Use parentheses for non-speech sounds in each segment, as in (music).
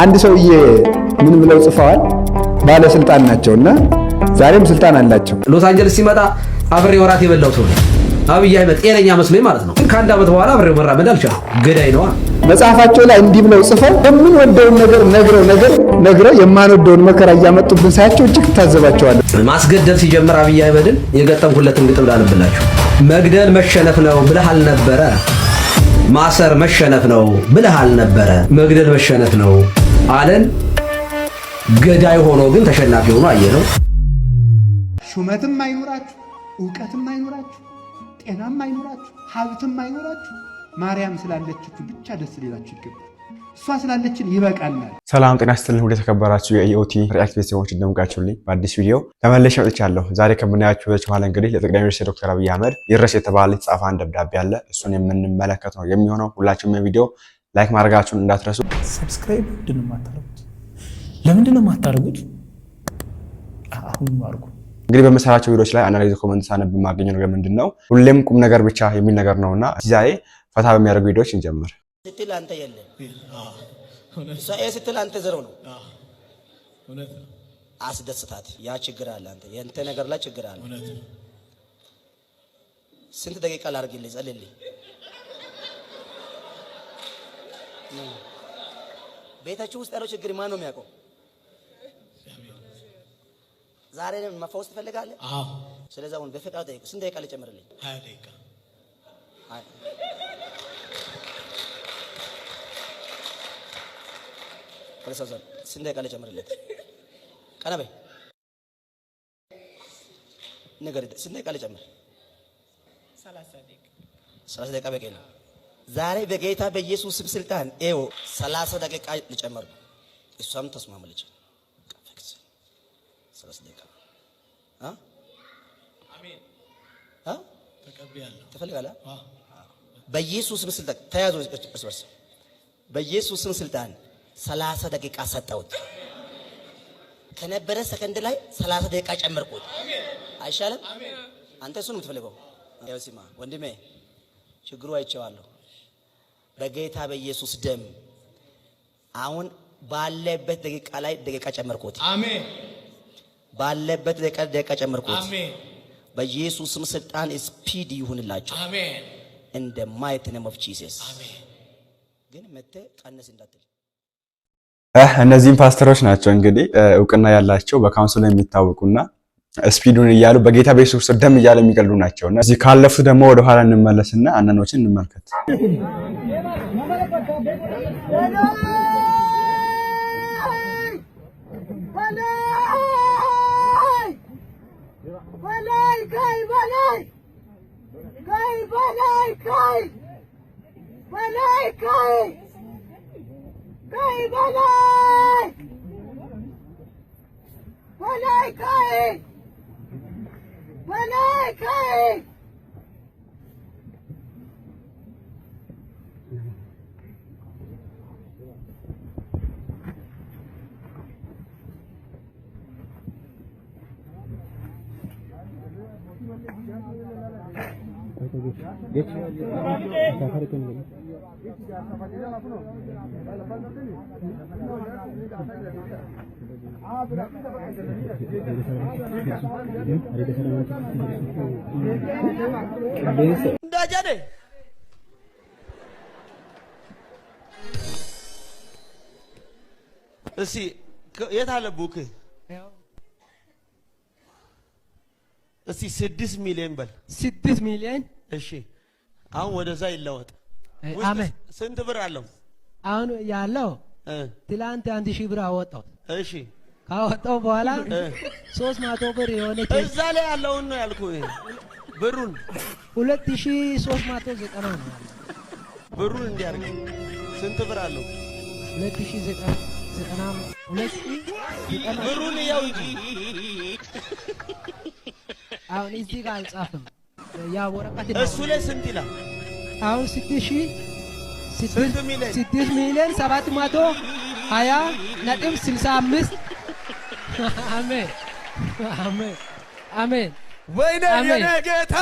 አንድ ሰውዬ ምን ብለው ጽፈዋል? ባለስልጣን ናቸውና ዛሬም ስልጣን አላቸው። ሎስ አንጀለስ ሲመጣ አብሬ ወራት የበላው ሰው አብይ አህመድ ጤነኛ መስሎኝ ማለት ነው። ከአንድ ዓመት በኋላ አብሬው መራመድ አልቻልኩም። ገዳይ ነዋ። መጽሐፋቸው ላይ እንዲህ ብለው ጽፈው የምንወደውን ነገር ነግረው ነገር ነግረው የማንወደውን መከራ እያመጡብን ሳያቸው እጅግ ታዘባቸዋለሁ። ማስገደል ሲጀምር አብይ አህመድን የገጠምኩለትን ግጥም ላንብላችሁ። መግደል መሸነፍ ነው ብለሃል አልነበረ? ማሰር መሸነፍ ነው ብለሃል አልነበረ? መግደል መሸነፍ ነው አለን። ገዳይ ሆኖ ግን ተሸናፊ ሆኖ አየ ነው። ሹመትም አይኖራችሁ፣ እውቀትም አይኖራችሁ፣ ጤናም አይኖራችሁ፣ ሀብትም አይኖራችሁ፣ ማርያም ስላለችችሁ ብቻ ደስ ሊላችሁ ይገባል። እሷ ስላለችን ይበቃናል። ሰላም ጤና ስትልን ሁሉ የተከበራችሁ የኢኦቲ ሪአክት ቤተሰቦች እንደምቃችሁልኝ በአዲስ ቪዲዮ ተመልሼ መጥቻለሁ። ዛሬ ከምናያችሁ ች በኋላ እንግዲህ ለጠቅላይ ሚኒስትር ዶክተር አብይ አህመድ ይረስ የተባለ የተጻፈ አንድ ደብዳቤ አለ። እሱን የምንመለከት ነው የሚሆነው። ሁላችሁም የቪዲዮ ላይክ ማድረጋችሁን እንዳትረሱ። ሰብስክራይብ ምንድን ነው የማታደርጉት? ለምንድን ነው የማታደርጉት? አሁን አድርጉ። እንግዲህ በመሰራቸው ቪዲዮዎች ላይ አናላይዝ ኮመንት ሳነብ የማገኘው ነገር ምንድን ነው ሁሌም ቁም ነገር ብቻ የሚል ነገር ነው እና ዛሬ ፈታ በሚያደርጉ ቪዲዮዎች እንጀምር። ስትል አንተ የለም ስትል አንተ ዘረው ነው አስደስታት። ያ ችግር አለ፣ አንተ የንተ ነገር ላይ ችግር አለ። ስንት ደቂቃ ላርግልኝ ጸልልኝ ቤታችሁ ውስጥ ያለው ችግር ማን ነው የሚያውቀው? ዛሬ መፈወስ ትፈልጋለህ? አዎ። ስለዚህ አሁን በፈቃድ ጠይቁ። ስንት ደቂቃ ልጨምርልኝ? ሀያ ደቂቃ ስንት ደቂቃ ልጨምርለት? ቀና በይ ነገር ስንት ደቂቃ ልጨምር? ሰላሳ ደቂቃ በቂ ነው። ዛሬ በጌታ በኢየሱስ ስም ስልጣን 30 ደቂቃ ልጨምር። እሷም ተስማማለች። ደቂቃ በኢየሱስ ስልጣን ተያዙ። እርስ በርስ በኢየሱስ ደቂቃ ሰጠውት ከነበረ ሰከንድ ላይ 30 ደቂቃ ጨመርኩት። አይሻልም? አንተ እሱን የምትፈልገው ያው ወንድሜ ችግሩ አይቼዋለሁ። በጌታ በኢየሱስ ደም አሁን ባለበት ደቂቃ ላይ ደቂቃ ጨመርኩት። አሜን። ባለበት ደቂቃ ደቂቃ ጨመርኩት። አሜን። በኢየሱስ ስልጣን ስፒድ ይሁንላችሁ። አሜን። እንደ ማየት ነው ኦፍ ጂሰስ አሜን። ግን መተ ቀነስ እንዳትል እነዚህም ፓስተሮች ናቸው እንግዲህ እውቅና ያላቸው በካውንስሉ የሚታወቁና ስፒዱን እያሉ በጌታ በኢየሱስ ደም እያሉ የሚቀልዱ ናቸው። እዚህ ካለፉት ደግሞ ወደኋላ እንመለስና አናኖችን እንመልከት። Manai Kai! Manai Kai! Udah aja deh. Let's see. Ya tahu buku. እስቲ ስድስት ሚሊዮን በል። ስድስት ሚሊዮን እሺ። አሁን ወደዛ ይለወጥ። አሜን። ስንት ብር አለው አሁን ያለው? ትላንት አንድ ሺህ ብር አወጣው። እሺ ካወጣው በኋላ ሶስት መቶ ብር የሆነ እዛ ላይ ያለውን ነው ያልኩህ። ብሩን ሁለት ሺህ ሶስት መቶ ዘጠና ነው ብሩን እንዲያርግ ስንት ብር አለው? ሁለት ሺህ ዘጠና ሁለት ብሩን ያው እንጂ አሁን እዚህ ጋር አልጻፍም። ያ ወረቀት እሱ ላይ ስንት ይላል? አሁን ስድስት ሺህ ስድስት ሚሊዮን ሰባት መቶ ሀያ ነጥብ ስልሳ አምስት አሜን አሜን አሜን። ወይኔ የኔ ጌታ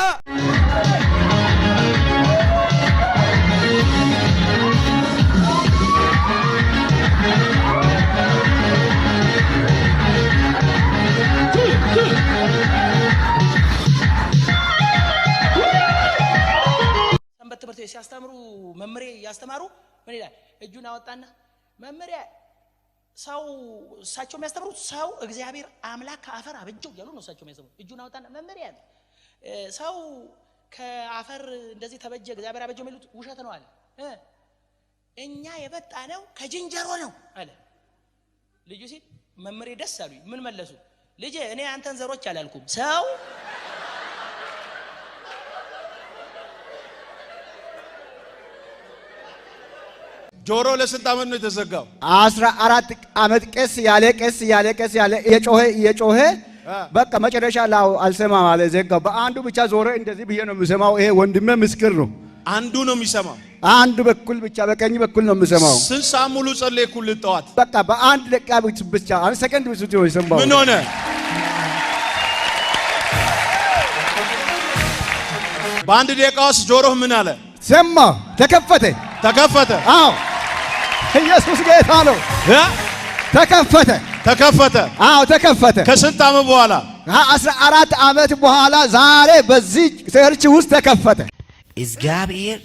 ሲያስተምሩ መምሬ እያስተማሩ ምን ይላል? እጁን አወጣና መምሪያ ሰው እሳቸው የሚያስተምሩት ሰው እግዚአብሔር አምላክ ከአፈር አበጀው እያሉ ነው እሳቸው የሚያስተምሩት። እጁን አወጣና መመሪያ ያለ ሰው ከአፈር እንደዚህ ተበጀ እግዚአብሔር አበጀው የሚሉት ውሸት ነው አለ። እኛ የበጣ ነው ከጅንጀሮ ነው አለ ልጁ ሲል መምሬ ደስ አሉኝ። ምን መለሱ? ልጄ እኔ አንተን ዘሮች አላልኩም ሰው ጆሮ ለስንት ዓመት ነው የተዘጋው? አስራ አራት ዓመት ቀስ ያለ ቀስ ያለ ቀስ ያለ እየጮኸ እየጮኸ በቃ መጨረሻ ላው አልሰማም አለ ዘጋው። በአንዱ ብቻ ዞረ። እንደዚህ ብዬ ነው የምሰማው። ይሄ ወንድሜ ምስክር ነው። አንዱ ነው የሚሰማው። አንዱ በኩል ብቻ በቀኝ በኩል ነው የምሰማው። ስንት ሰዓት ሙሉ ጸለይኩልህ ጠዋት። በቃ በአንድ ደቂቃ ብቻ አንድ ሰከንድ ብቻ ነው የሰማው። ምን ሆነ? በአንድ ደቂቃ ውስጥ ጆሮህ ምን አለ? ሰማ። ተከፈተ፣ ተከፈተ። አዎ ኢየሱስ ጌታ ነው። ተከፈተ ተከፈተ። አዎ ተከፈተ። ከስንት ዓመት በኋላ? አስራ አራት ዓመት በኋላ ዛሬ በዚህ ቸርች ውስጥ ተከፈተ። እግዚአብሔር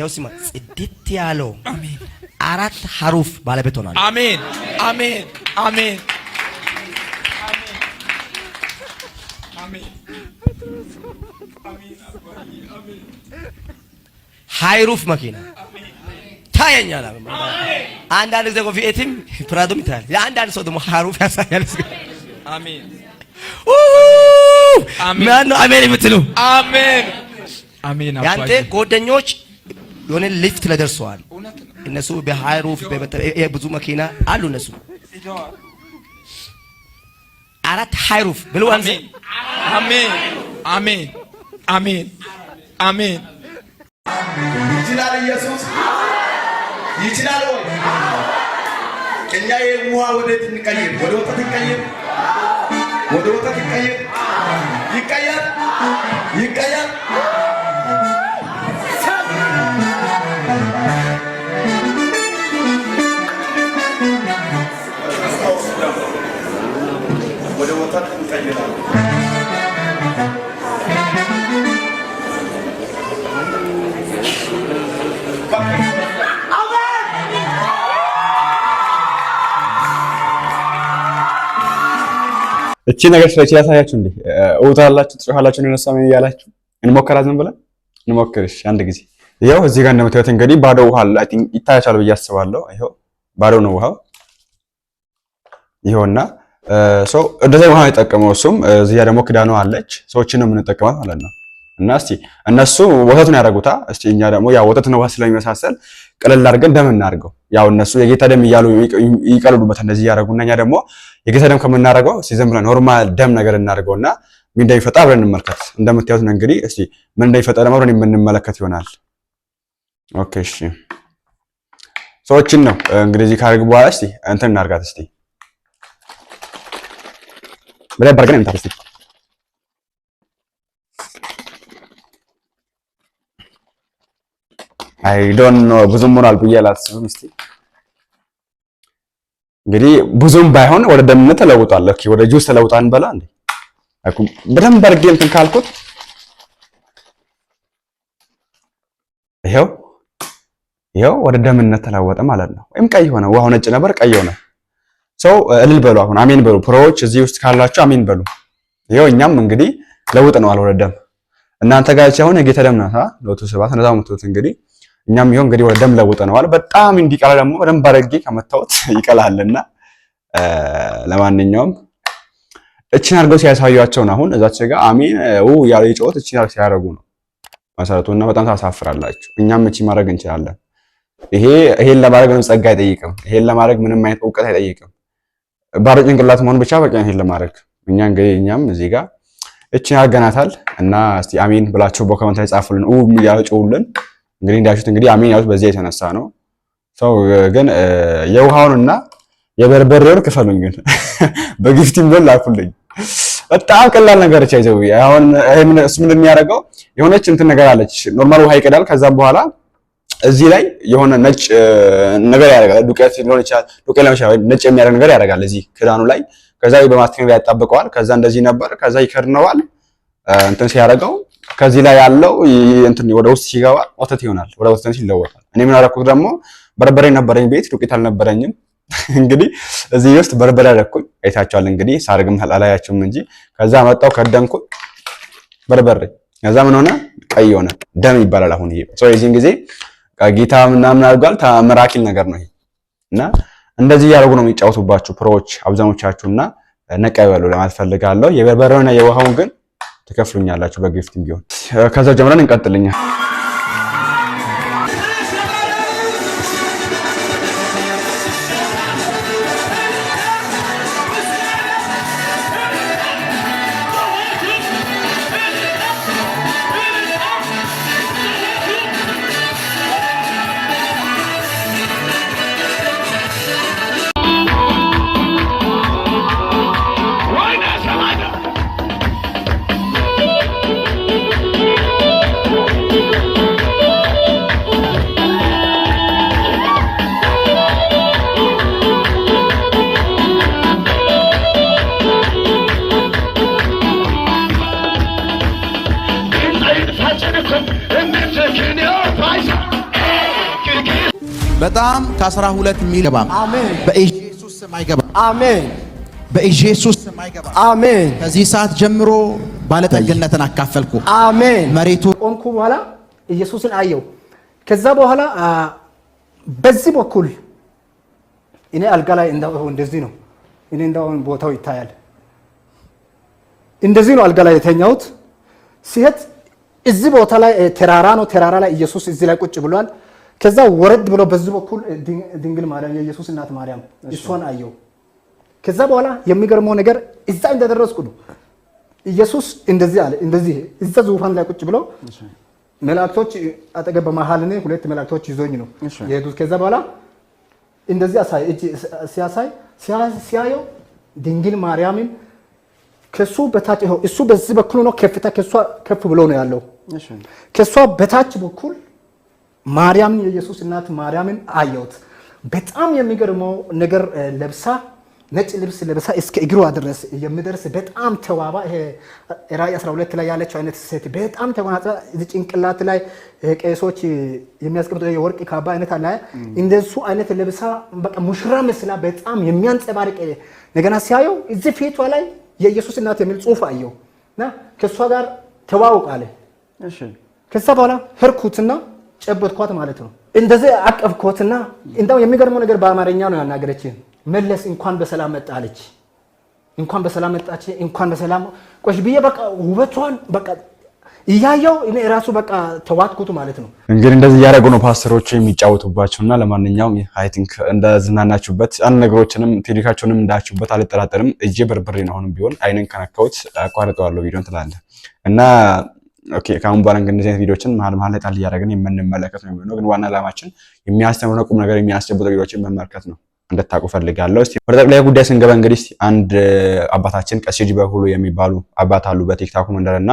ያው ሲማ ጽድት ያለው አራት ሐሩፍ ባለቤት ሆኗል። አሜን አሜን አሜን። ሃይሩፍ መኪና ይታየኛል። አንዳንድ ጊዜ ኮፊኤትም ፍራዱም ይታያል። ለአንዳንድ ሰው ደግሞ ሀሩፍ ያሳያል። አሜን ማነው አሜን የምትሉ? አሜን ያንተ ጓደኞች የሆነ ሊፍት ለደርሰዋል። እነሱ በሀሩፍ ብዙ መኪና አሉ። እነሱ አራት ሀሩፍ ብሉ። አሜን አሜን አሜን አሜን አሜን ይችላል ወይ? እኛ የውሃ ወዴት እንቀይር? ወደ ወተት እንቀይር፣ ወደ ወተት እንቀይር። ይቀየር፣ ይቀየር። ወደ ወተት እንቀይራለን። እቺ ነገር ስለች ያሳያችሁ እንዴ እውታላችሁ ጽሑፋላችሁ ነው ነሳም ያላችሁ እንሞከራ ዝም ብለን እንሞክርሽ አንድ ጊዜ ይኸው እዚህ ጋር እንደምታዩት እንግዲህ ባዶ ውሃ አይ ቲንክ ይታያችኋል ብዬ አስባለሁ። ይኸው ባዶ ነው ውሃው ይሄውና ሶ እንደዚህ ውሃ የጠቀመው እሱም እዚህ ደግሞ ክዳኑ አለች ሰዎችን ነው የምንጠቀማት ማለት ነው። እና እስቲ እነሱ ወተቱን ያደርጉታ እስቲ እኛ ደግሞ ወተት ነው ውሃ ስለሚመሳሰል ቀለል አድርገን ደም እናድርገው ያው እነሱ የጌታ ደም እያሉ ይቀልዱበት እንደዚህ እያደረጉና እኛ ደግሞ የጌታ ደም ከምናደርገው ሲዘም ብለን ኖርማል ደም ነገር እናደርገውና ምን እንደሚፈጠር አብረን እንመልከት። እንደምታዩት ነው እንግዲህ እስቲ ምን እንደሚፈጠር አብረን የምንመለከት ይሆናል። ኦኬ እሺ፣ ሰዎችን ነው እንግዲህ እዚህ ካደረግ በኋላ እስቲ እንትን እናርጋት እስቲ በላይ በርገን እንታስቲ አይ ዶንት ኖ ብዙም ሆኗል ብዬ አላስብም። እስቲ እንግዲህ ብዙም ባይሆን ወደ ደም ተለውጧል። ኦኬ ወደ ጁስ ተለውጣን በላ እንዴ አኩ በደንብ አድርጌ እንትን ካልኩት ይሄው ይሄው ወደ ደምነት ተለወጠ ማለት ነው። ወይም ቀይ ሆነ። ውሃው ነጭ ነበር፣ ቀይ ሆነ። ሰው እልል በሉ፣ አሁን አሜን በሉ። ፕሮዎች እዚህ ውስጥ ካላችሁ አሜን በሉ። ይሄው እኛም እንግዲህ ለውጥ ነው አለ ወደ ደም እናንተ ጋር ሳይሆን የጌታ ደም ነው። ሎቱ ስብሐት ነው። እንግዲህ እኛም ይሁን እንግዲህ ወደ ደም ለውጠነዋል። በጣም እንዲቀላ ደግሞ ደም አድርጌ ከመታወት (laughs) ይቀላልና ለማንኛውም እችን አድርገው ሲያሳዩአቸውን አሁን እዛች ጋር አሜን ው ያለ የጨወት እችን አድርገው ሲያደርጉ ነው መሰረቱ እና በጣም ታሳፍራላችሁ። እኛም እቺ ማድረግ እንችላለን። ይሄ ይሄን ለማድረግ ምንም ጸጋ አይጠይቅም። ይሄን ለማድረግ ምንም አይነት እውቀት አይጠይቅም። ባዶ ጭንቅላት መሆን ብቻ በቂ ነው ይሄን ለማድረግ። እኛ እንግዲህ እኛም እዚህ ጋር እችን አድርገናታል እና እስቲ አሜን ብላችሁ በኮመንት ላይ ጻፉልን፣ ኡ እያጨውልን እንግዲህ እንዳሹት እንግዲህ አሚን ያሉት በዚያ የተነሳ ነው። ሰው ግን የውሃውንና የበርበሬውን ክፈሉኝ፣ ግን (laughs) በግፍቲም ቢሆን ላኩልኝ። በጣም ቀላል ነገር ብቻ ይዘው አሁን እሱ ምንድን የሚያደርገው የሆነች እንትን ነገር አለች። ኖርማል ውሃ ይቀዳል። ከዛም በኋላ እዚህ ላይ የሆነ ነጭ ነገር ያደርጋል። ዱቄት ሊሆን ይችላል። ዱቄት ለምሳሌ ነጭ የሚያደርግ ነገር ያደርጋል እዚህ ክዳኑ ላይ። ከዛ በማስተካከል ያጣብቀዋል። ከዛ እንደዚህ ነበር። ከዛ ይከድነዋል። እንትን ሲያደርገው ከዚህ ላይ ያለው እንትን ወደ ውስጥ ሲገባ ወተት ይሆናል፣ ወደ ወተት ይለወጣል። እኔ ምን አደረኩት ደግሞ በርበሬ ነበረኝ ቤት፣ ዱቄት አልነበረኝም። (laughs) እንግዲህ እዚህ ውስጥ በርበሬ አደረኩኝ። አይታችኋል እንግዲህ ሳርግም አላያችሁም እንጂ ከዛ መጣው ከደንኩ በርበሬ ከዛ ምን ሆነ ቀይ ሆነ ደም ይባላል። አሁን ይሄ ሰው የዚህን ጊዜ ጌታ ምናምን አድርጓል። ተአምራኪል ነገር ነው ይሄ እና እንደዚህ እያደረጉ ነው የሚጫወቱባችሁ ፕሮዎች አብዛኞቻችሁ እና ነቃ ይበሉ ለማለት ፈልጋለሁ። የበርበሬውና የውሃውን ግን ትከፍሉኛላችሁ በጊፍትም ቢሆን። ከዛ ጀምረን እንቀጥልኛል። በጣም ከአስራ ሁለት ሚሊዮን በኢየሱስ ስም አይገባም። አሜን። በኢየሱስ ስም አይገባም። አሜን። ከዚህ ሰዓት ጀምሮ ባለጠግነትን አካፈልኩ። አሜን። መሬቱ ቆምኩ በኋላ ኢየሱስን አየው። ከዛ በኋላ በዚህ በኩል እኔ አልጋ ላይ እንደዚህ ነው። እኔ እንደው ቦታው ይታያል። እንደዚህ ነው አልጋ ላይ የተኛሁት። ሲሄድ እዚህ ቦታ ላይ ተራራ ነው። ተራራ ላይ ኢየሱስ እዚህ ላይ ቁጭ ብሏል። ከዛ ወረድ ብሎ በዚህ በኩል ድንግል ማርያም የኢየሱስ እናት ማርያም እሷን አየው። ከዛ በኋላ የሚገርመው ነገር እዛ እንደደረስኩ ነው ኢየሱስ እንደዚህ አለ። እንደዚህ እዛ ዙፋን ላይ ቁጭ ብሎ መላእክቶች አጠገብ በመሀል እኔ ሁለት መላእክቶች ይዞኝ ነው የሄዱት። ከዛ በኋላ እንደዚህ አሳይ እጅ ሲያሳይ ሲያየው ድንግል ማርያምን ከሱ በታች እሱ በዚህ በኩል ነው ከፍታ ከሷ ከፍ ብሎ ነው ያለው። ከሷ በታች በኩል ማርያምን የኢየሱስ እናት ማርያምን አየሁት። በጣም የሚገርመው ነገር ለብሳ ነጭ ልብስ ለብሳ እስከ እግሯ ድረስ የምደርስ በጣም ተዋባ። ይሄ ራእይ 12 ላይ ያለችው አይነት ሴት በጣም ተጎናጽፋ ጭንቅላት ላይ ቄሶች የሚያስቀምጡ የወርቅ ካባ አይነት አለ። እንደሱ አይነት ለብሳ በቃ ሙሽራ መስላ በጣም የሚያንጸባርቅ ነገና ሲያየው እዚህ ፊቷ ላይ የኢየሱስ እናት የሚል ጽሑፍ አየው እና ከእሷ ጋር ተዋውቃለ። ከዛ በኋላ ህርኩትና ጨበጥኳት ማለት ነው። እንደዚህ አቀፍኮትና እንደው የሚገርመው ነገር በአማርኛ ነው ያናገረችን። መለስ እንኳን በሰላም መጣ አለች። እንኳን በሰላም መጣች። እንኳን በሰላም ቆሽ ብዬ በቃ ውበቷን በቃ እያየው እኔ ራሱ በቃ ተዋትኩት ማለት ነው። እንግዲህ እንደዚህ እያደረጉ ነው ፓስተሮቹ የሚጫወቱባቸው ለማንኛውም አይ ቲንክ እንደዝናናችሁበት አንድ ነገሮችንም ቴሌካቸውንም እንዳችሁበት አልጠራጠርም። እጄ በርብሬ ነው አሁንም ቢሆን አይንን ከነካሁት አቋርጠዋለሁ ቪዲዮን ትላለህ እና ኦኬ ከአሁን በኋላ እንደዚህ አይነት ቪዲዮችን መሀል መሀል ላይ ጣል እያደረግን የምንመለከት ነው የሚሆነው። ግን ዋና ዓላማችን የሚያስተምሩ ቁም ነገር የሚያስጨብጡ ቪዲዮችን መመልከት ነው እንድታቁ ፈልጋለሁ። እስቲ ወደ ጠቅላይ ጉዳይ ስንገባ እንግዲህ አንድ አባታችን ቀሲጅ ጅበ የሚባሉ አባት አሉ በቲክታኩ መንደር እና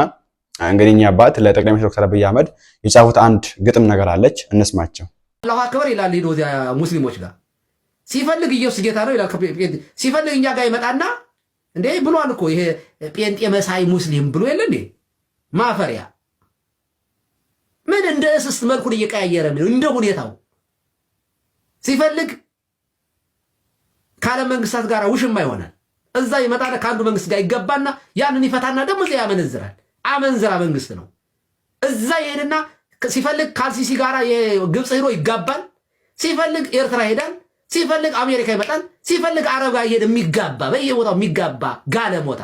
እንግዲህ እኚህ አባት ለጠቅላይ ሚኒስትር ዶክተር አብይ አህመድ የጻፉት አንድ ግጥም ነገር አለች፣ እንስማቸው። አላሁ አክበር ይላል ሄዶ እዚያ ሙስሊሞች ጋር ሲፈልግ ኢየሱስ ጌታ ነው ይላል። ሲፈልግ እኛ ጋር ይመጣና እንዴ ብሏል እኮ ይሄ ጴንጤ መሳይ ሙስሊም ብሎ የለ እንዴ ማፈሪያ ምን እንደ እስስት መልኩን እየቀያየረ ነው እንደ ሁኔታው ሲፈልግ ከዓለም መንግስታት ጋር ውሽማ ይሆናል። እዛ ይመጣል ከአንዱ መንግስት ጋር ይገባና ያንን ይፈታና ደግሞ እዚያ ያመነዝራል። አመንዝራ መንግስት ነው። እዛ ይሄድና ሲፈልግ ካልሲሲ ጋር ግብፅ ሂዶ ይጋባል። ሲፈልግ ኤርትራ ይሄዳል። ሲፈልግ አሜሪካ ይመጣል። ሲፈልግ አረብ ጋር ይሄድ የሚጋባ በየቦታው የሚጋባ ጋለሞታ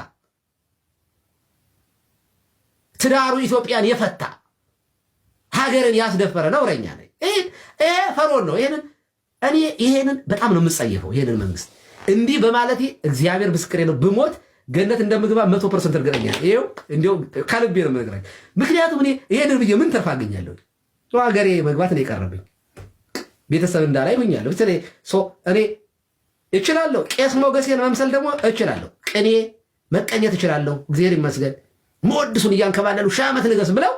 ትዳሩ ኢትዮጵያን የፈታ ሀገርን ያስደፈረ ነው። እረኛ ነኝ። ይሄ ፈርዖን ነው። ይሄንን እኔ ይሄንን በጣም ነው የምጸየፈው። ይሄንን መንግስት እንዲህ በማለቴ እግዚአብሔር ምስክሬ ነው። ብሞት ገነት እንደምግባ መቶ ፐርሰንት እርግጠኛ ነኝ። ይኸው እንዲያው ከልቤ ነው የምነግራችሁ። ምክንያቱም እኔ ይሄንን ብዬ ምን ተርፍ አገኛለሁ? ሀገሬ መግባት ነው የቀረብኝ። ቤተሰብ እንዳላይ ሆኛለሁ። እኔ እችላለሁ። ቄስ ሞገሴን መምሰል ደግሞ እችላለሁ። ቅኔ መቀኘት እችላለሁ። እግዚአብሔር ይመስገን። መወድሱን እያንከባለሉ ሺህ ዓመት ንገስ ብለው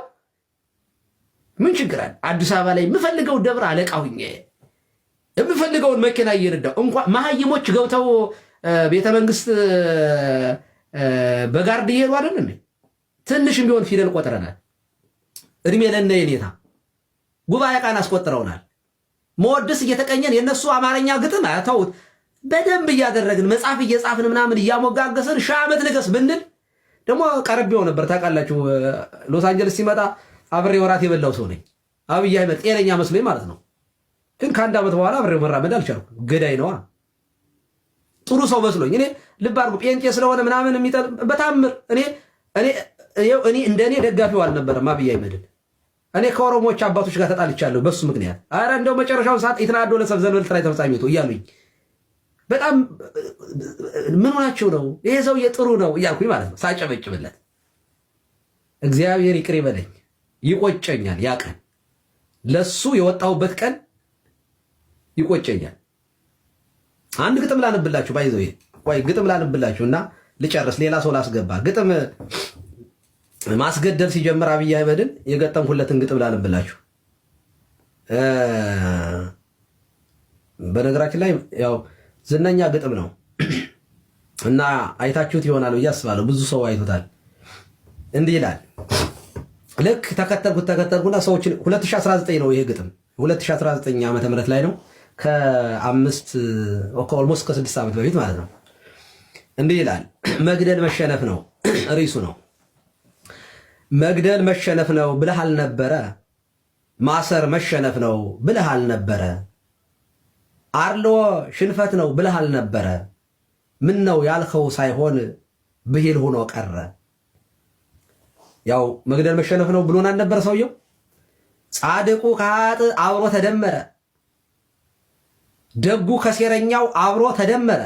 ምን ችግር አለ? አዲስ አበባ ላይ የምፈልገው ደብር አለቃ ሁኜ የምፈልገውን መኪና እየነዳው እንኳ መሀይሞች ገብተው ቤተ መንግስት በጋርድ እየሄዱ አይደለም። ትንሽም ቢሆን ፊደል ቆጥረናል። እድሜ ለነ የኔታ ጉባኤ ቃን አስቆጥረውናል። መወድስ እየተቀኘን የእነሱ አማርኛ ግጥም ተውት፣ በደንብ እያደረግን መጽሐፍ እየጻፍን ምናምን እያሞጋገስን ሺህ ዓመት ንገስ ብንል ደግሞ ቀረቤው ነበር ታውቃላችሁ። ሎስ አንጀልስ ሲመጣ አብሬ ወራት የበላው ሰው ነኝ። አብይ አሕመድ ጤነኛ መስሎኝ ማለት ነው። ግን ከአንድ ዓመት በኋላ አብሬው መራመድ አልቻልኩ። ገዳይ ነዋ። ጥሩ ሰው መስሎኝ እኔ ልብ አድርጉ፣ ጴንጤ ስለሆነ ምናምን የሚጠ በታምር እኔ እኔ እኔ እንደ እኔ ደጋፊው አልነበረም አብይ አሕመድን። እኔ ከኦሮሞዎች አባቶች ጋር ተጣልቻለሁ በሱ ምክንያት። አረ እንደው መጨረሻውን ሰዓት ኢትናዶ ለሰብዘን በልትራይ ተፈጻሚ እያሉኝ በጣም ምን ሆናችሁ ነው? ይሄ ሰውዬ ጥሩ ነው እያልኩኝ ማለት ነው ሳጨበጭብለት። እግዚአብሔር ይቅር ይበለኝ፣ ይቆጨኛል። ያ ቀን ለሱ የወጣሁበት ቀን ይቆጨኛል። አንድ ግጥም ላንብላችሁ፣ ባይዘው ወይ ግጥም ላንብላችሁ እና ልጨርስ፣ ሌላ ሰው ላስገባ። ግጥም ማስገደል ሲጀምር አብይ አህመድን የገጠምኩለትን ግጥም ላንብላችሁ። በነገራችን ላይ ያው ዝነኛ ግጥም ነው እና አይታችሁት ይሆናል ብዬ አስባለሁ። ብዙ ሰው አይቶታል። እንዲህ ይላል። ልክ ተከተልኩት ተከተልኩና ሰዎች 2019 ነው ይሄ ግጥም 2019 ዓ ምህረት ላይ ነው ከአምስት ኦልሞስት ከስድስት ዓመት በፊት ማለት ነው። እንዲህ ይላል። መግደል መሸነፍ ነው ርዕሱ ነው። መግደል መሸነፍ ነው ብለሃል ነበረ ማሰር መሸነፍ ነው ብለሃል ነበረ አርሎ ሽንፈት ነው ብለህ አልነበረ? ምን ነው ያልኸው ሳይሆን ብሂል ሆኖ ቀረ። ያው መግደል መሸነፍ ነው ብሎን አልነበረ ሰውየው? ጻድቁ ከሀጥ አብሮ ተደመረ፣ ደጉ ከሴረኛው አብሮ ተደመረ።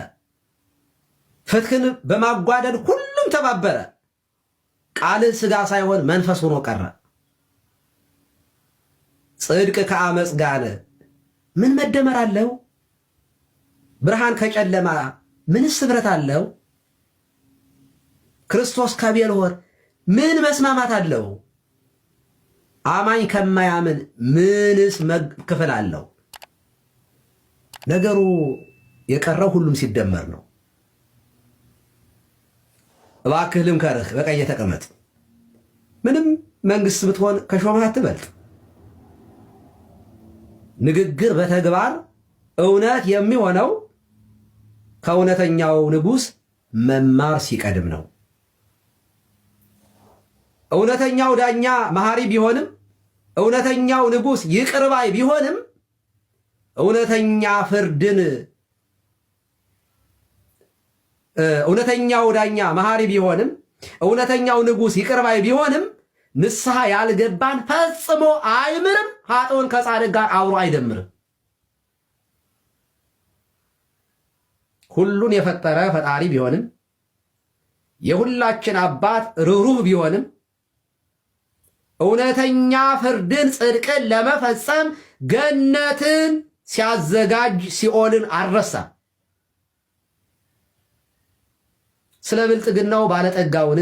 ፍትህን በማጓደል ሁሉም ተባበረ። ቃል ስጋ ሳይሆን መንፈስ ሆኖ ቀረ። ጽድቅ ከአመፅ ጋር ምን መደመር አለው? ብርሃን ከጨለማ ምንስ ኅብረት አለው? ክርስቶስ ከቤልሆር ምን መስማማት አለው? አማኝ ከማያምን ምንስ ክፍል አለው? ነገሩ የቀረው ሁሉም ሲደመር ነው። እባክህ ልምከርህ፣ በቀኝ ተቀመጥ። ምንም መንግስት ብትሆን ከሾማ አትበልጥ። ንግግር በተግባር እውነት የሚሆነው ከእውነተኛው ንጉሥ መማር ሲቀድም ነው። እውነተኛው ዳኛ መሐሪ ቢሆንም፣ እውነተኛው ንጉሥ ይቅርባይ ቢሆንም እውነተኛ ፍርድን እውነተኛው ዳኛ መሐሪ ቢሆንም እውነተኛው ንጉሥ ይቅርባይ ቢሆንም ንስሐ ያልገባን ፈጽሞ አይምርም። ኃጥኡን ከጻድቅ ጋር አብሮ አይደምርም። ሁሉን የፈጠረ ፈጣሪ ቢሆንም የሁላችን አባት ርኅሩኅ ቢሆንም እውነተኛ ፍርድን፣ ጽድቅን ለመፈጸም ገነትን ሲያዘጋጅ ሲኦልን አልረሳም። ስለ ብልጥግናው ባለጠጋውን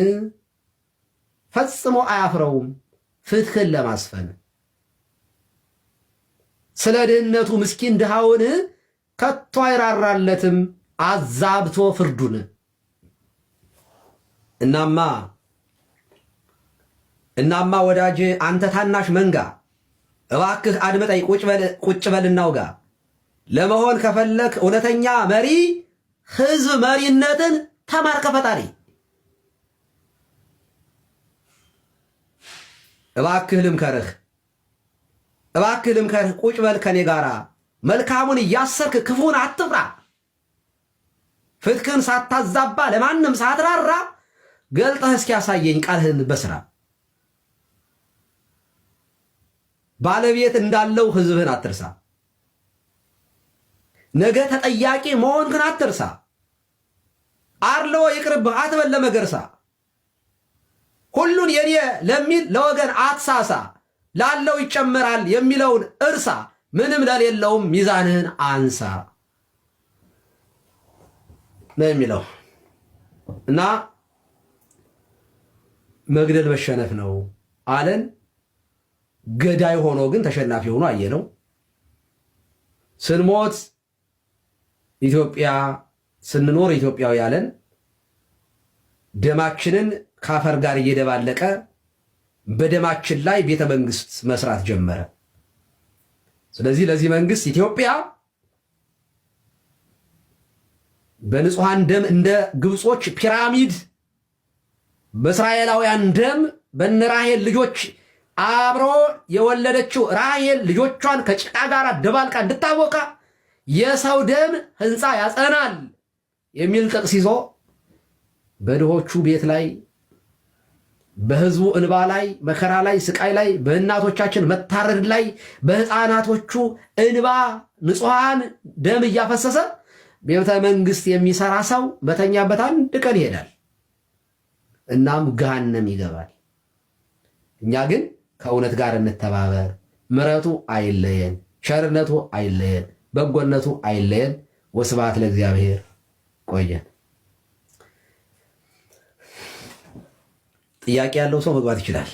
ፈጽሞ አያፍረውም ፍትህን ለማስፈን ስለ ድህነቱ ምስኪን ድሃውን ከቶ አይራራለትም። አዛብቶ ፍርዱን። እናማ እናማ ወዳጅ አንተ ታናሽ መንጋ እባክህ አድመጣይ ቁጭ በል እናውጋ። ለመሆን ከፈለክ እውነተኛ መሪ ህዝብ መሪነትን ተማር ከፈጣሪ። እባክህ ልምከርህ እባክህ ልምከርህ ቁጭ በል ከኔ ጋራ መልካሙን እያሰርክ ክፉን አትፍራ። ፍትክን ሳታዛባ ለማንም ሳትራራ ገልጠህ እስኪያሳየኝ ቃልህን በስራ ባለቤት እንዳለው ህዝብህን አትርሳ። ነገ ተጠያቂ መሆንክን አትርሳ። አርሎ ይቅርብህ አትበል ለመገርሳ። ሁሉን የኔ ለሚል ለወገን አትሳሳ። ላለው ይጨመራል የሚለውን እርሳ። ምንም ለሌለውም ሚዛንህን አንሳ። ነው የሚለው እና መግደል መሸነፍ ነው አለን። ገዳይ ሆኖ ግን ተሸናፊ ሆኖ አየነው። ስንሞት ኢትዮጵያ ስንኖር ኢትዮጵያዊ ያለን ደማችንን ከአፈር ጋር እየደባለቀ በደማችን ላይ ቤተ መንግስት መስራት ጀመረ። ስለዚህ ለዚህ መንግስት ኢትዮጵያ በንጹሐን ደም እንደ ግብጾች ፒራሚድ በእስራኤላውያን ደም በነ ራሄል ልጆች አብሮ የወለደችው ራሄል ልጆቿን ከጭቃ ጋር ደባልቃ እንድታወቃ የሰው ደም ሕንፃ ያጸናል የሚል ጥቅስ ይዞ በድሆቹ ቤት ላይ በህዝቡ እንባ ላይ መከራ ላይ ስቃይ ላይ በእናቶቻችን መታረድ ላይ በህፃናቶቹ እንባ ንጹሐን ደም እያፈሰሰ ቤተ መንግስት የሚሰራ ሰው በተኛበት አንድ ቀን ይሄዳል፣ እናም ገሃነም ይገባል። እኛ ግን ከእውነት ጋር እንተባበር። ምረቱ አይለየን፣ ሸርነቱ አይለየን፣ በጎነቱ አይለየን። ወስብሐት ለእግዚአብሔር። ቆየን። ጥያቄ ያለው ሰው መግባት ይችላል።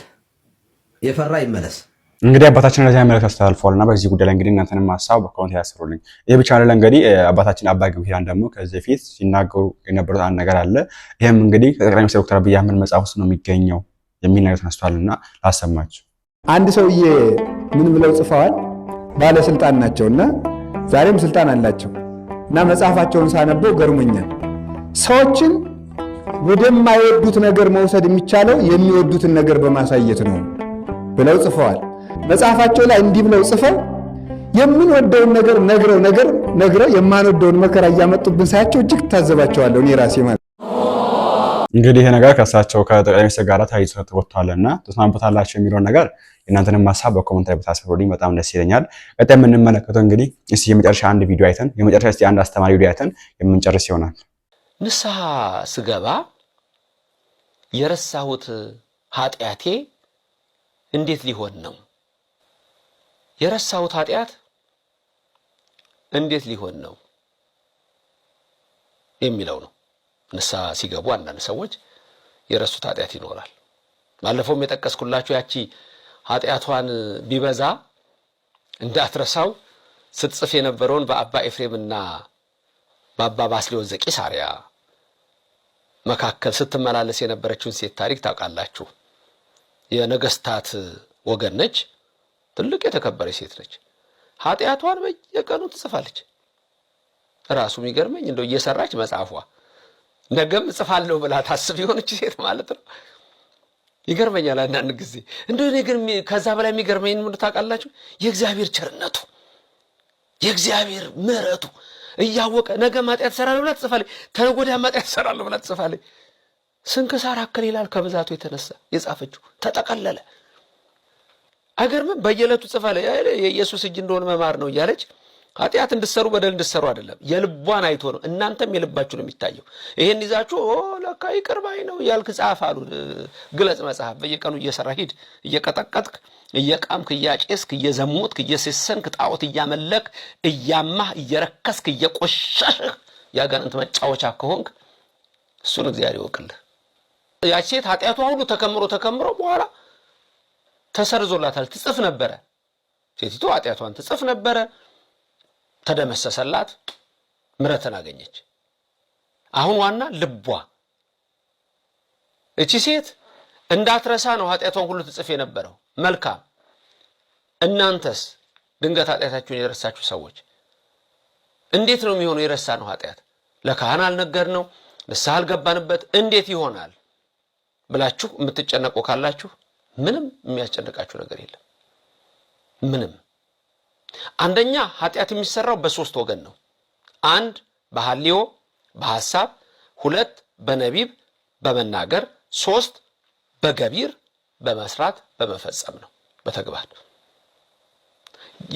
የፈራ ይመለስ። እንግዲህ አባታችን ለዚህ መልእክት አስተላልፈዋል እና በዚህ ጉዳይ ላይ እንግዲህ እናንተንም ሀሳብ በኮመንት ያስሩልኝ። ይህ ብቻ አይደለም እንግዲህ አባታችን አባ ገብረኪዳን ደግሞ ከዚህ በፊት ሲናገሩ የነበሩት አንድ ነገር አለ። ይህም እንግዲህ ከጠቅላይ ሚኒስትር ዶክተር አብይ አህመድ መጽሐፍ ውስጥ ነው የሚገኘው የሚል ነገር ተነስቷል እና ላሰማችሁ። አንድ ሰውዬ ምን ብለው ጽፈዋል? ባለስልጣን ናቸው እና ዛሬም ስልጣን አላቸው እና መጽሐፋቸውን ሳነበው ገርሞኛል። ሰዎችን ወደማይወዱት ነገር መውሰድ የሚቻለው የሚወዱትን ነገር በማሳየት ነው ብለው ጽፈዋል። መጽሐፋቸው ላይ እንዲህ ብለው ጽፈው የምንወደውን ነገር ነግረው ነገር ነግረው የማንወደውን መከራ እያመጡብን ሳያቸው እጅግ ታዘባቸዋለሁ። እኔ ራሴ ማለት እንግዲህ ይሄ ነገር ከእሳቸው ከጠቅላይ ሚኒስትር ጋር ታይቶ ወጥቷልና ተስማምበታላቸው የሚለውን ነገር የእናንተንም ሀሳብ በኮመንት ላይ ብታስፈሩልኝ በጣም ደስ ይለኛል። ቀጣይ የምንመለከተው እንግዲህ እስቲ የመጨረሻ አንድ ቪዲዮ አይተን የመጨረሻ እስቲ አንድ አስተማሪ ቪዲዮ አይተን የምንጨርስ ይሆናል። ንስሐ ስገባ የረሳሁት ኃጢአቴ እንዴት ሊሆን ነው የረሳሁት ኃጢአት እንዴት ሊሆን ነው የሚለው ነው። ንስሐ ሲገቡ አንዳንድ ሰዎች የረሱት ኃጢአት ይኖራል። ባለፈውም የጠቀስኩላችሁ ያቺ ኃጢአቷን ቢበዛ እንዳትረሳው ስትጽፍ የነበረውን በአባ ኤፍሬምና በአባ ባስልዮስ ዘቂሳርያ መካከል ስትመላለስ የነበረችውን ሴት ታሪክ ታውቃላችሁ። የነገስታት ወገን ነች። ትልቅ የተከበረች ሴት ነች። ኃጢአቷን በየቀኑ ትጽፋለች። ራሱ የሚገርመኝ እንደው እየሰራች መጽሐፏ ነገም እጽፋለሁ ብላ ታስብ የሆነች ሴት ማለት ነው። ይገርመኛል አንዳንድ ጊዜ እንደው እኔ ግን ከዛ በላይ የሚገርመኝ ምን ታውቃላችሁ? የእግዚአብሔር ቸርነቱ የእግዚአብሔር ምሕረቱ እያወቀ ነገ ማጥያት ትሰራለሁ ብላ ትጽፋለች። ተነጎዳ ማጥያት ትሰራለሁ ብላ ትጽፋለች። ስንክሳር አክል ይላል ከብዛቱ የተነሳ የጻፈችው ተጠቀለለ። አይገርምም? በየዕለቱ ጽፋ ላይ የኢየሱስ እጅ እንደሆነ መማር ነው እያለች ኃጢአት እንድሰሩ በደል እንድሰሩ አይደለም፣ የልቧን አይቶ ነው። እናንተም የልባችሁ ነው የሚታየው። ይሄን ይዛችሁ ለካ ይቅር ባይ ነው እያልክ ጻፍ አሉ። ግለጽ መጽሐፍ በየቀኑ እየሰራ ሂድ። እየቀጠቀጥክ፣ እየቃምክ፣ እያጬስክ፣ እየዘሞትክ፣ እየሴሰንክ፣ ጣዖት እያመለክ፣ እያማህ፣ እየረከስክ፣ እየቆሸሽህ የአጋንንት መጫወቻ ከሆንክ እሱን እግዚአብሔር ይወቅልህ። ያች ሴት ኃጢአቷ ሁሉ ተከምሮ ተከምሮ በኋላ ተሰርዞላታል። ትጽፍ ነበረ። ሴቲቱ ኃጢአቷን ትጽፍ ነበረ። ተደመሰሰላት፣ ምረትን አገኘች። አሁን ዋና ልቧ እቺ ሴት እንዳትረሳ ነው ኃጢአቷን ሁሉ ትጽፍ የነበረው። መልካም እናንተስ ድንገት ኃጢአታችሁን የረሳችሁ ሰዎች እንዴት ነው የሚሆነው? የረሳ ነው ኃጢአት ለካህን አልነገር ነው ንስሐ አልገባንበት እንዴት ይሆናል ብላችሁ የምትጨነቁ ካላችሁ ምንም የሚያስጨንቃችሁ ነገር የለም። ምንም አንደኛ ኃጢአት የሚሰራው በሶስት ወገን ነው። አንድ በሐልዮ በሐሳብ፣ ሁለት በነቢብ በመናገር፣ ሶስት በገቢር በመስራት በመፈጸም ነው በተግባር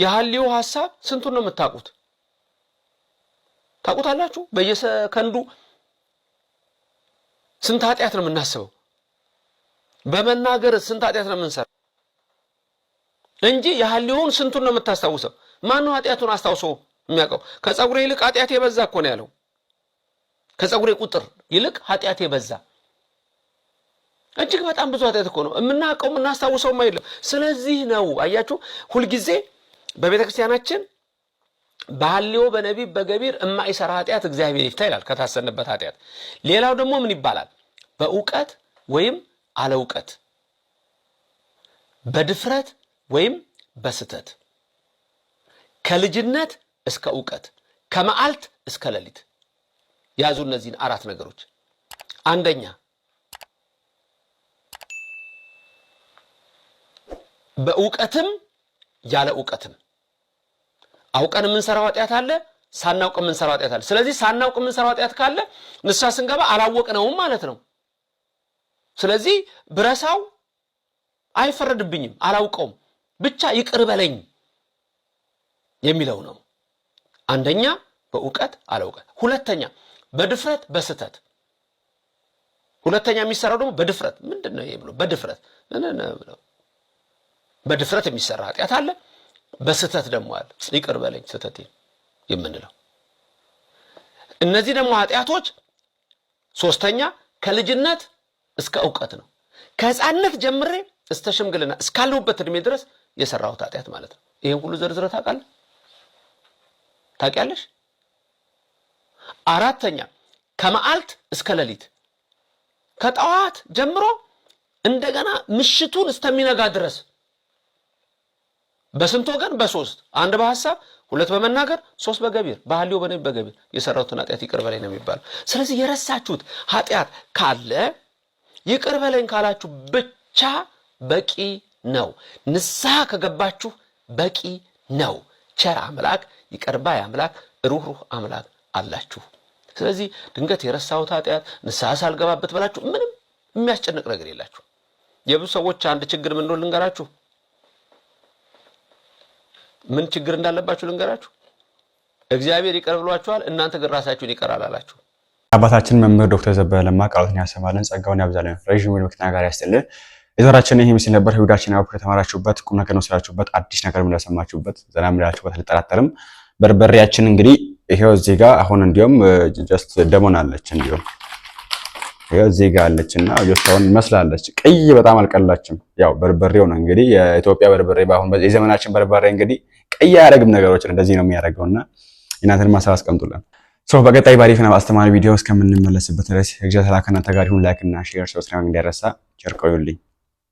የሐልዮ ሐሳብ ስንቱን ነው የምታውቁት? ታውቁታላችሁ? በየሰከንዱ ስንት ኃጢአት ነው የምናስበው? በመናገር ስንት ኃጢአት ነው የምንሰራ እንጂ የህሊውን ስንቱን ነው የምታስታውሰው? ማን ነው ኃጢአቱን አስታውሶ የሚያውቀው? ከፀጉር ይልቅ ኃጢአቴ በዛ እኮ ነው ያለው። ከጸጉሬ ቁጥር ይልቅ ኃጢአቴ በዛ። እጅግ በጣም ብዙ ኃጢአት እኮ ነው የምናውቀው፣ የምናስታውሰውም አይደለም። ስለዚህ ነው አያችሁ፣ ሁልጊዜ በቤተ ክርስቲያናችን በሐልዮ በነቢብ በገቢር እማይሰራ ኃጢአት እግዚአብሔር ይፍታ ይላል፣ ከታሰነበት ኃጢአት። ሌላው ደግሞ ምን ይባላል? በእውቀት ወይም አለ እውቀት፣ በድፍረት ወይም በስተት፣ ከልጅነት እስከ እውቀት፣ ከመዓልት እስከ ሌሊት ያዙ እነዚህን አራት ነገሮች። አንደኛ በእውቀትም ያለ እውቀትም አውቀን የምንሰራው ኃጢአት አለ፣ ሳናውቅ የምንሰራው ኃጢአት አለ። ስለዚህ ሳናውቅ የምንሰራው ኃጢአት ካለ ንስሐ ስንገባ አላወቅነውም ማለት ነው። ስለዚህ ብረሳው አይፈረድብኝም፣ አላውቀውም፣ ብቻ ይቅር በለኝ የሚለው ነው። አንደኛ በእውቀት አለውቀት፣ ሁለተኛ በድፍረት በስተት ሁለተኛ የሚሰራው ደግሞ በድፍረት ምንድን ነው ብሎ በድፍረት በድፍረት የሚሰራ ኃጢአት አለ። በስተት ደግሞ አለ ይቅር በለኝ ስተት የምንለው እነዚህ ደግሞ ኃጢአቶች ሶስተኛ ከልጅነት እስከ እውቀት ነው። ከህፃነት ጀምሬ እስተ ሽምግልና እስካለሁበት እድሜ ድረስ የሰራሁት ኃጢአት ማለት ነው። ይህን ሁሉ ዘርዝረ ታውቃለህ? ታውቂያለሽ? አራተኛ ከመዓልት እስከ ሌሊት ከጠዋት ጀምሮ እንደገና ምሽቱን እስከሚነጋ ድረስ በስንት ወገን? በሶስት አንድ በሀሳብ ሁለት በመናገር ሶስት በገቢር ባህሊው በነቢ በገቢር የሰራሁትን ኃጢአት ይቅር በላይ ነው የሚባለው። ስለዚህ የረሳችሁት ኃጢአት ካለ ይቅር በለኝ ካላችሁ ብቻ በቂ ነው። ንስሐ ከገባችሁ በቂ ነው። ቸር አምላክ፣ ይቅር ባይ አምላክ፣ ሩህሩህ አምላክ አላችሁ። ስለዚህ ድንገት የረሳሁት ኃጢአት ንስሐ ሳልገባበት ብላችሁ ምንም የሚያስጨንቅ ነገር የላችሁ። የብዙ ሰዎች አንድ ችግር ምን እንደሆነ ልንገራችሁ። ምን ችግር እንዳለባችሁ ልንገራችሁ። እግዚአብሔር ይቅር ብሏችኋል፣ እናንተ ግን ራሳችሁን ይቀራል አላችሁ። አባታችን መምህር ዶክተር ዘነበ ለማ ቃሉን ያሰማልን ጸጋውን ያብዛልን ረዥም ዕድሜ ከእኛ ጋር ያስጥልን። የዘራችን ይህ ምስል ነበር። ህይወታችን ያው ከተማራችሁበት ቁም ነገር ነው ስላችሁበት አዲስ ነገር እንደሰማችሁበት ዘና ምላችሁበት አልጠራጠርም። በርበሬያችን እንግዲህ ይሄው እዚህ ጋር አሁን እንዲሁም ጀስት ደሞን አለች እንዲሁም ይሄው እዚህ ጋር አለች እና አሁን መስላለች ቀይ በጣም አልቀላችም። ያው በርበሬው ነው እንግዲህ የኢትዮጵያ በርበሬ በአሁን የዘመናችን በርበሬ እንግዲህ ቀይ አያረግም ነገሮችን እንደዚህ ነው እና እናንተን ማሰብ አስቀምጡልን። ሰው በቀጣይ ባሪፍና በአስተማሪ ቪዲዮ እስከምንመለስበት ድረስ እግዚአብሔር ከእናንተ ጋር ላይክ እና ሼር ሰብስክራይብ እንዳይረሳ።